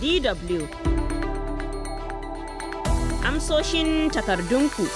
DW. Amsoshin takardunku.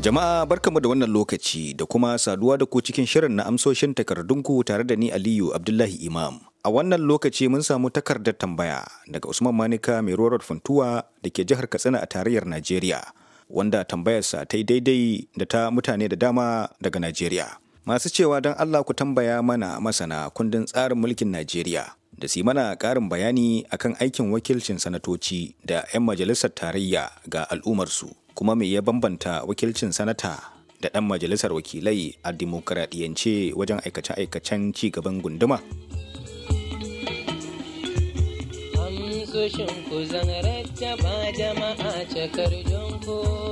Jama'a barkamu da wannan lokaci da kuma saduwa da ku cikin shirin na amsoshin takardunku tare da ni Aliyu Abdullahi Imam. A wannan lokaci mun samu takardar tambaya daga Usman Manika mai rorar funtuwa da ke jihar Katsina a tarayyar Najeriya, wanda tambayarsa ta yi daidai da ta mutane da dama daga Najeriya. Masu cewa don Allah ku tambaya mana masana kundin tsarin mulkin Najeriya da su mana ƙarin bayani akan aikin wakilcin sanatoci da 'yan majalisar tarayya ga al'ummarsu kuma me ya bambanta wakilcin sanata da ɗan majalisar wakilai a dimokuraɗiyance wajen aikace-aikacen cigaban gunduma? Amsoshin ku zan rattaba jama'a cakar jama'a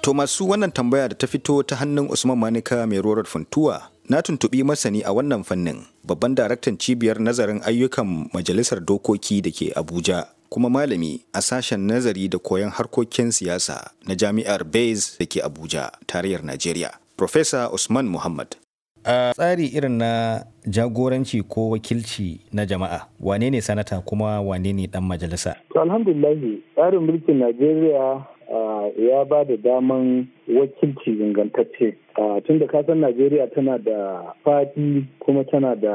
To masu wannan tambaya da ta fito ta hannun Usman Manika mai rorar funtuwa na tuntuɓi masani a wannan fannin babban daraktan cibiyar nazarin ayyukan majalisar dokoki da ke Abuja kuma malami a sashen nazari da koyon harkokin siyasa na jami'ar Bayes da ke Abuja tarayyar Najeriya. Profesa Usman Muhammad a tsari irin na jagoranci ko wakilci na jama'a wane ne sanata kuma wane ne dan majalisa alhamdulillahi tsarin mulkin najeriya ya ba da daman wakilci ingantacce tun da kasan najeriya tana da fadi kuma tana da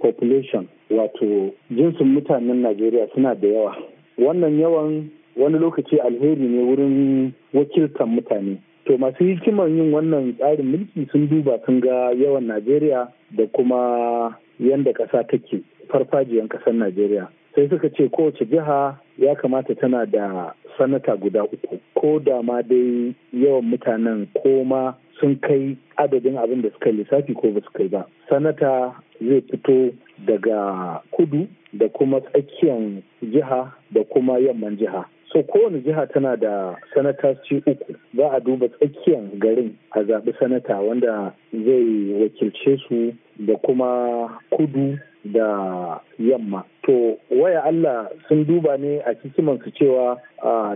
population wato jinsin mutanen najeriya suna da yawa wannan yawan wani lokaci alheri ne wurin wakiltar mutane to masu hikimar yin wannan tsarin mulki sun duba sun ga yawan najeriya da kuma yadda ƙasa take farfajiyar ƙasar najeriya sai suka ce kowace jiha ya kamata tana da sanata guda uku ko da ma dai yawan mutanen ko ma sun kai adadin abin da suka lissafi ko ba su kai ba sanata zai fito daga kudu da kuma tsakiyar jiha da kuma yamman jiha so kowane jiha tana da sanatoci uku za a duba tsakiyar garin a zaɓi sanata wanda zai wakilce su da kuma kudu da yamma to waya Allah sun duba ne a su cewa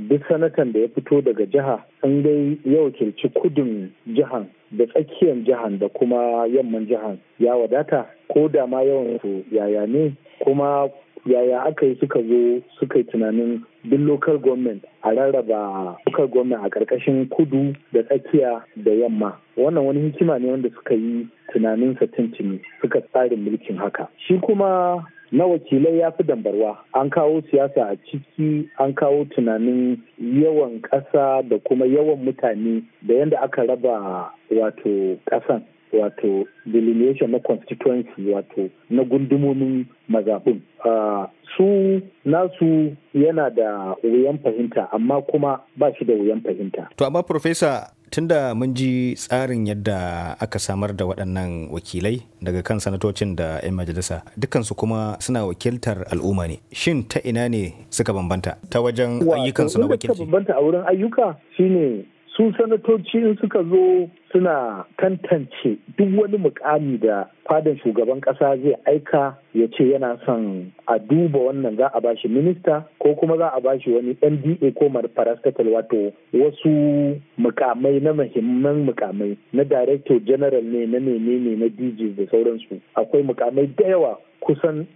duk sanatan da ya fito daga jiha an dai ya wakilci kudin jihan da tsakiyar jihan da kuma yamman jihan ya wadata ko da ma yawan su yaya ne kuma yaya aka yi suka zo suka yi tunanin duk local government a rarraba local government a ƙarƙashin kudu da tsakiya da yamma wannan wani hikima ne wanda suka yi tunanin tintini suka tsarin mulkin haka shi kuma na wakilai ya fi dambarwa an kawo siyasa a ciki an kawo tunanin yawan ƙasa da kuma yawan mutane da yadda aka raba wato ƙasan wato delineation na constituency wato na gundumomin mazaɓin ah, su nasu yana da wuyan fahimta amma kuma ba shi da wuyan fahimta to amma profesa tunda mun ji tsarin yadda aka samar da waɗannan wakilai daga kan sanatocin da 'yan majalisa dukansu kuma suna wakiltar al'umma ne shin ta ina ne suka bambanta ta wajen ayyukansu na wakilci bambanta a wurin ayyuka shine su sanatoci in suka zo suna tantance duk wani mukami da fadin shugaban kasa zai aika ya ce yana son a duba wannan za a bashi minista ko kuma za a bashi wani NDA ko parastatal wato wasu mukamai na mahimman mukamai na director general ne na menene na dj da sauransu akwai mukamai da yawa kusan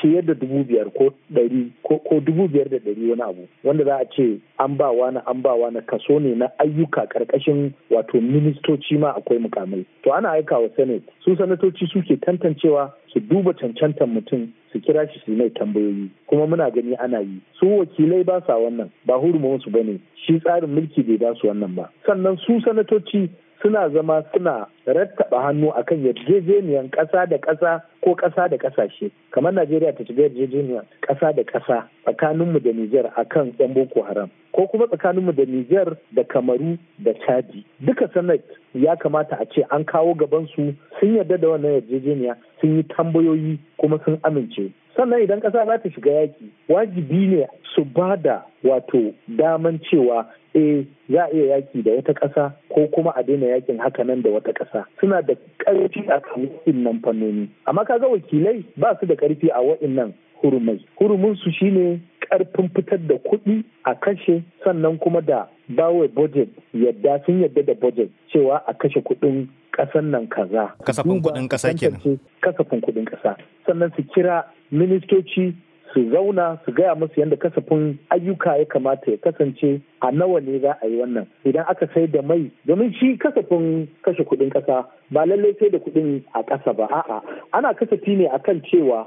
fiye da dubu biyar ko ɗari ko dubu biyar da ɗari wani abu wanda za a ce an ba wani an ba wani kaso ne na ayyuka karkashin wato ministoci ma akwai mukamai to ana aika wa senate su sanatoci suke tantancewa su duba cancantar mutum su kira shi su mai tambayoyi kuma muna gani ana yi su wakilai ba sa wannan ba hurumin su ne. shi tsarin mulki bai ba su wannan ba sannan su sanatoci suna zama suna rattaba hannu akan yarjejeniyar ƙasa da ƙasa ko ƙasa da ƙasashe kamar najeriya ta shiga yarjejeniyar ƙasa da ƙasa tsakaninmu da nijar kan yan boko haram ko kuma tsakaninmu da nijar da kamaru da chadi duka sanat ya kamata a ce an kawo gabansu sun yarda da wannan yarjejeniya sun yi tambayoyi kuma sun amince sannan idan ƙasa za ta shiga yaƙi wajibi ne su ba da wato daman cewa eh za a iya yaki da wata ƙasa ko kuma a daina yakin haka nan da wata ƙasa suna da ƙarfi a kan nan fannoni amma kaga wakilai ba su da ƙarfi a waɗannan hurumai su shine karfin fitar da kuɗi a kashe sannan kuma da bawa budget yadda sun yadda da budget cewa a kashe kuɗin ƙasan nan kaza kasafin kuɗin ƙasa kenan kasafin kuɗin ƙasa sannan su kira ministoci su zauna su gaya musu yadda kasafin ayyuka ya kamata ya kasance a nawa ne za a yi wannan idan aka sai da mai domin shi kasafin kashe kudin kasa ba lallai sai da kudin a kasa ba a'a ana kasafi ne akan cewa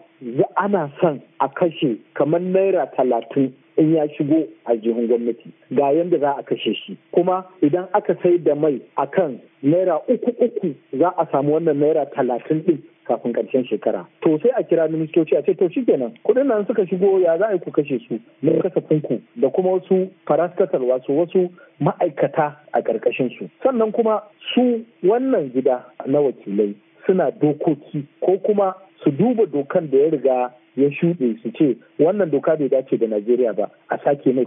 ana son a kashe kamar naira talatin in ya shigo a jihun gwamnati ga yadda za a kashe shi kuma idan aka sai da mai akan naira uku uku za a samu wannan naira talatin din kafin karshen shekara to sai a kira ministoci a ce to shikenan kuɗin nan suka shigo ya za a yi ku kashe su mun kasafin ku da kuma wasu farastatal wasu wasu ma'aikata a ƙarƙashin su sannan kuma su wannan gida na wakilai suna dokoki ko kuma su duba dokan da ya riga ya shuɗe su ce wannan doka bai dace da Najeriya ba a sake mai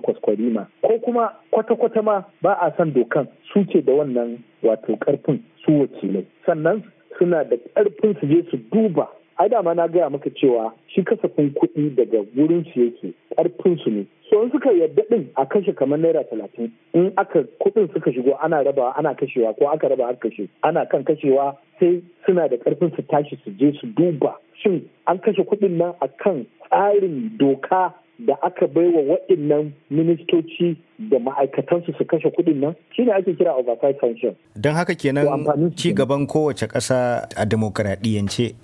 ma? ko kuma kwata-kwata ma ba a son dokan su ce da wannan wato karfin su wakilai sannan suna da ƙarfin su je su duba ai dama na gaya maka cewa shi kasafin kuɗi daga wurin su yake ƙarfin su ne so in suka yadda din a kashe kamar naira talatin in aka kuɗin suka shigo ana rabawa ana kashewa ko aka raba aka kashe ana kan kashewa sai suna da ƙarfin su tashi su je su duba shin an kashe kuɗin nan akan tsarin doka da aka baiwa waɗannan ministoci da ma'aikatansu su kashe kuɗin nan shi ne ake kira oversight function. Don haka kenan ci gaban kowace ƙasa a demokaradiyyance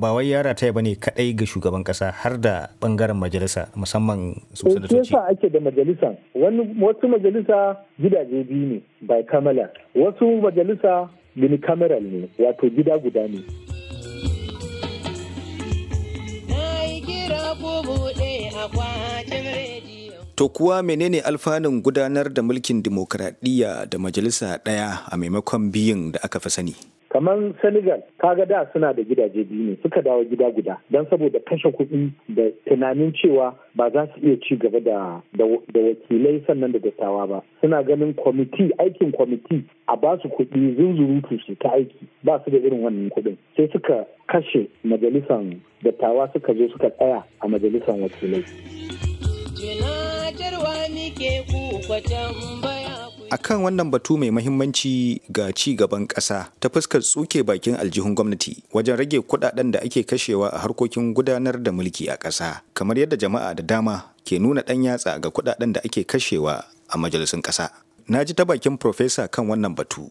ba wai yara ta ba ne kaɗai ga shugaban ƙasa har da ɓangaren majalisa musamman su eh, sanatoci. Kesa ake da majalisa wani wasu majalisa gidaje biyu ne bai kamala wasu majalisa kameral ne wato gida guda ne. To kuwa menene alfanun gudanar da mulkin dimokuraɗiyya da majalisa ɗaya a maimakon biyun da aka fi sani? kamar senegal kaga da suna da gidaje biyu ne suka dawo gida guda don saboda kashe kuɗi da tunanin cewa ba za su iya ci gaba da da wakilai sannan da dattawa ba suna ganin kwamiti aikin kwamiti a ba su kuɗi zunzurutu su ta aiki ba su da irin wannan kuɗin sai suka kashe majalisan dattawa suka zo suka tsaya a majalisan wakilai a kan wannan batu mai mahimmanci ga ci gaban ƙasa ta fuskar tsuke bakin aljihun gwamnati wajen rage kudaden da ake kashewa a harkokin gudanar da mulki a ƙasa kamar yadda jama'a da dama ke nuna ɗan yatsa ga kudaden da ake kashewa a majalisun ƙasa na ji ta bakin profesa kan wannan batu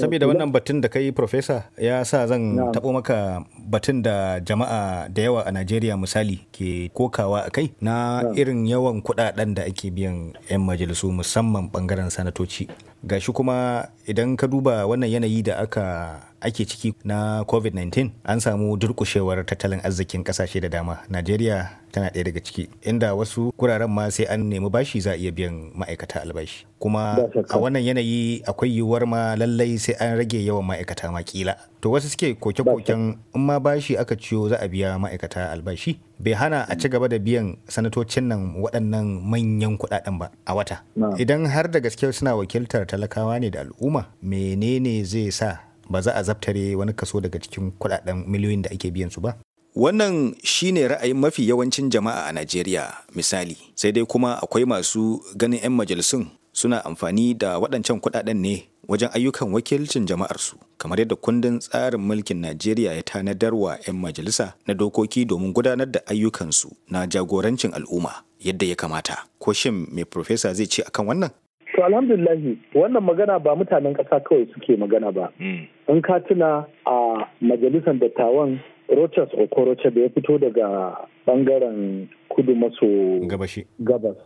saboda wannan batun da kai profesa ya sa zan taɓo maka batun da jama'a da yawa a Najeriya misali ke kokawa a kai na irin yawan kudaden da ake biyan 'yan majalisu musamman bangaren sanatoci. Gashi kuma idan ka duba wannan yanayi da aka ake ciki na COVID-19 an samu durkushewar tattalin arzikin kasashe da dama. Najeriya tana ɗaya daga ciki inda wasu guraren ma sai an nemi bashi za a iya biyan ma'aikata albashi. Kuma a wannan yanayi akwai yiwuwar ma lallai sai an rage yawan ma'aikata ma kila. to wasu suke koke-koken in ma bashi aka ciwo za a biya ma'aikata albashi bai hana a ci gaba da biyan sanatocin nan waɗannan manyan kuɗaɗen ba a wata idan har da gaske suna wakiltar talakawa ne da al'umma menene zai sa ba za a zaftare wani kaso daga cikin kuɗaɗen miliyoyin da ake biyan su ba Wannan shine ra'ayin mafi yawancin jama'a a Najeriya misali, sai dai kuma akwai masu ganin 'yan majalisun suna amfani da waɗancan kuɗaɗen ne wajen ayyukan wakilcin jama'arsu kamar yadda kundin tsarin mulkin Najeriya ya tanadar wa 'yan majalisa na dokoki domin gudanar da ayyukansu na jagorancin al'umma yadda ya kamata. Ko shin mai profesa zai ce akan wannan? To alhamdulillah wannan magana ba mutanen ƙasa kawai suke magana ba. Hmm. In ka tuna a majalisar dattawan Rochas Okoroche da ya fito daga bangaren kudu maso gabas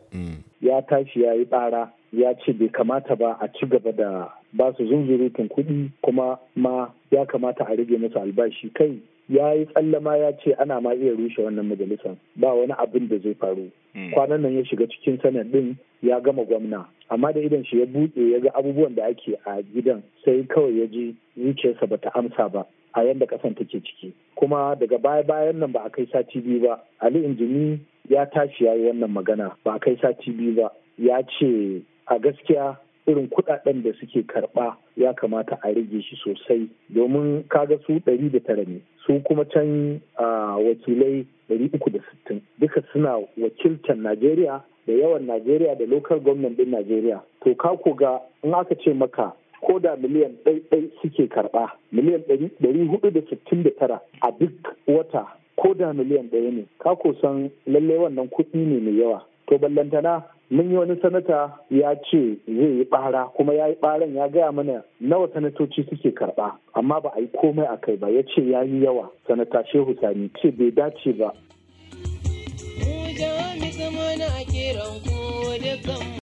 hmm. ya tashi ya yi bara ya ce bai kamata ba a ci gaba da ba su zunzurutun kuɗi kuma ma ya kamata a rage musu albashi kai ya yi tsallama ya ce ana ma iya rushe wannan majalisar ba wani abin da zai faru hmm. kwanan nan ya shiga cikin sanar din ya gama gwamna amma da idan shi ya buɗe ya ga abubuwan da ake a gidan sai kawai ya ji zuciyarsa ta amsa ba a yadda ƙasan take ciki kuma daga baya bayan nan ba a kai sati biyu ba ali injini ya tashi ya yi wannan magana ba a kai sati biyu ba ya ce a gaskiya irin kudaden da suke karba ya kamata a rage shi sosai domin kaga su ɗari da tara ne su kuma can wakilai ɗari uku da sittin duka suna wakiltar najeriya da yawan najeriya da local government din najeriya to ka ga in aka ce maka ko da miliyan ɗaiɗai suke karɓa miliyan ɗari hudu da sittin da tara a duk wata ko da miliyan ɗaya ne ka kusan lallai wannan kuɗi ne mai yawa to ballantana mun yi wani sanata ya ce zai yi bara kuma ya yi baran ya gaya mana nawa sanatoci suke karba amma ba a yi komai a kai ba ya ce ya yi yawa sanata shehu sani ce bai dace ba